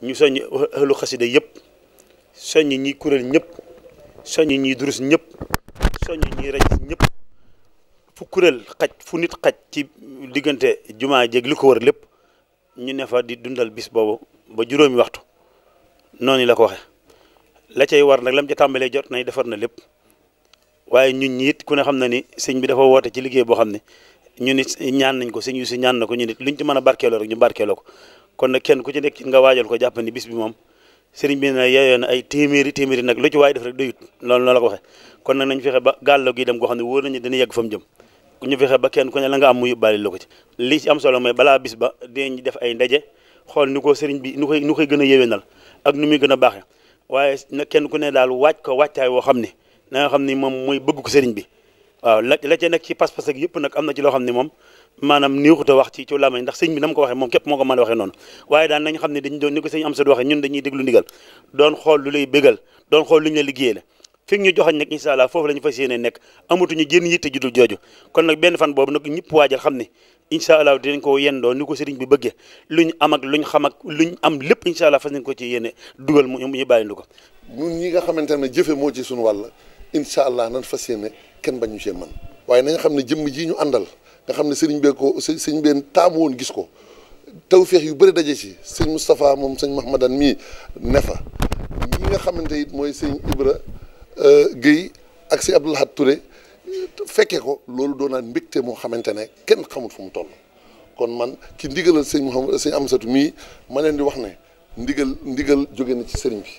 ñu soññ ahlu xasida yëpp soññ ñi kuréel ñëpp soññ ñi durus ñëpp soññ ñi raj ñëpp fu kuréel xaj fu nit xaj ci diggante jumaa jéeg li ko war lépp ñu ne di dundal bis boobu ba juróomi waxtu noonu la ko waxe la cay war nag lam ca jot nañ defar na lépp waaye ñun ñiit ku ne xam na ni sëñ bi dafa woote ci liggéey boo xam ne ñu nit ñaan nañ ko sëñ yu si ñaan na ko ñu nit luñ ci mën a barkeeloo rek ñu barkeeloo ko kon na kenn ku ci nekk nga waajal ko jàpp ni bis bi moom sëriñ bi na yeyoo na ay téeméeri téeméeri nag lu ci waay def rek doyut loolu noonu la ko waxee kon nag nañ fexe ba gàllo gi dem goo xam ne wóor nañu dina yegg fa mu jëm ñu fexe ba kenn ku ne la nga am mu yóbbaale la ko ci li ci am solo mooy balaa bis ba dinañ def ay ndaje xool nu ko seriñ bi nu koy nu koy gën a nal ak nu muy gën a baaxee waaye na kenn ku ne daal waaj ko wàccaay woo xam ne na nga xam ni moom mooy bëgg ko sëriñ bi waaw la nekk ci pas-pas yëpp nag am na ci loo xam ne moom maanaam néexut a wax ci ci làmmiñ ndax sëñ bi ko waxee moom képp moo ko mën a waxee noonu waaye daan nañ xam ne dañ doon ni ko sëñ am sa waxee ñun dañuy déglu ndigal doon xool lu lay bégal doon xool lu ñu la liggéey la fi ñu joxañ nag incha allah foofu la ñu fas yéene nekk amatuñu génn yitte judul jooju kon nag benn fan boobu nag ñëpp waajal xam ne incha allah dinañ ko yendoo ni ko sëriñ bi bëggee luñ am ak luñ xam ak luñ am lépp incha allah fas nañ ko ci yéene dugal mu ñu bàyyindu ko ñun ñi nga xamante ne jëfe moo ci suñu wàll incha allah nan fas yéene kenn bañu cee man waaye na xam ne jëmm ji ñu àndal nga xam ne sëriñ bee ko sëriñ bee taamu woon gis ko tawféex yu bëri daje ci sëñ Moustapha moom sëñ Mahmadan mii ne fa ñi nga xamante it mooy sëñ Ibra euh, Guèye ak si Abdou Lahad Touré fekkee ko loolu doonaat mbégte moo xamante ne kenn xamul fu mu toll kon man ci ndigalal sëñ Mouhamad sëñ Amsatu mii ma leen di wax ne ndigal ndigal jóge ci sëriñ bi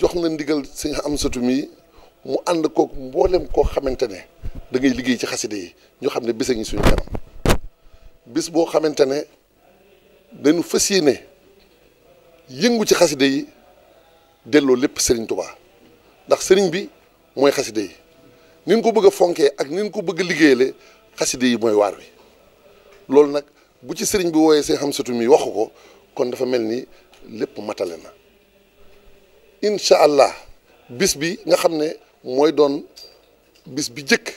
jox na ndigal sëñ Amsatu mi mu ànd kook mboolem koo xamante ne da liggéey ci xaside yi ñoo xam ne bis a ngi suñu kanam bis boo xamante ne dañu fas yéene yëngu ci xaside yi delloo lépp sëriñ Tuubaa ndax sëriñ bi mooy xaside yi nin ko bëgg a fonkee ak nin ko bëgg a liggéeyale xaside yi mooy waar wi loolu nag bu ci sëriñ bi wooyee seen am satu mi waxu ko kon dafa mel ni lépp matale na incha allah bis bi nga xam ne mooy doon bis bi jëkk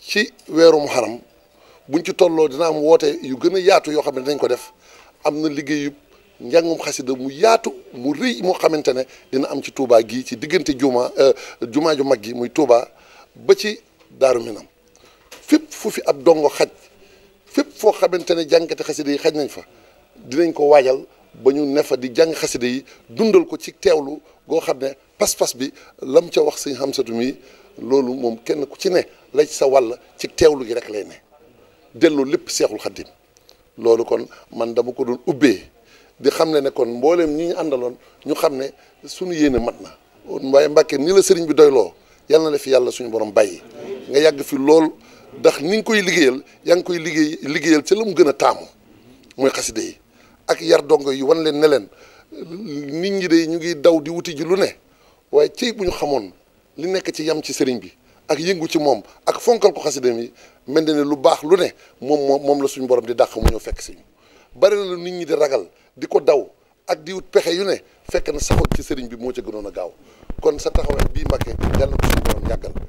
ci weeru muharam buñ ci tolloo dina am woote yu gën a yaatu yoo xam ne dinañ ko def am na liggéeyu njàngum xasida mu yaatu mu rëy moo xamante ne dina am ci Touba gi ci diggante jumaa euh, jumaa ju mag gi muy Touba ba ci Daaru Minam fépp fu fi ab dongo xaj fépp foo xamante ne jànkati xasida yi xaj nañ fa dinañ ko waajal ba ñu ne fa di jàng xasida yi dundal ko ci teewlu goo xam ne pas-pas bi lam ca wax sëñ Xamsatu mi loolu moom kenn ku ci ne la ci sa wàll ci teewlu gi rek lay ne delloo lépp seexul xaddim loolu kon man dama ko doon ubbee di xam ne ne kon mbooleem ñi ñu àndaloon ñu xam ne suñu yéenee mat na waaye Mbàkke ni la sëriñ bi doyloo yal na la fi yàlla suñu borom bàyyi nga yàgg fi lool ndax ni nga koy liggéeyal yaa ngi koy liggéey liggéeyal ca la mu gën a taamu mooy xasida yi ak yar dongo yi wan leen ne leen nit ñi de ñu ngi daw di wuti ji lu ne waaye ci bu ñu xamoon li nekk ci yam ci sëriñ bi ak yëngu ci moom ak fonkal ko xasidam yi mel ne lu baax lu ne moom moom moom la suñu borom di dàq mu ñëw fekk si ñu bari na lu nit ñi di ragal di ko daw ak di wut pexe yu ne fekk na saxoon ci sëriñ bi moo ca gënoon a gaaw kon sa taxawaay bii Mbàkke yàlla ko suñu borom yàggal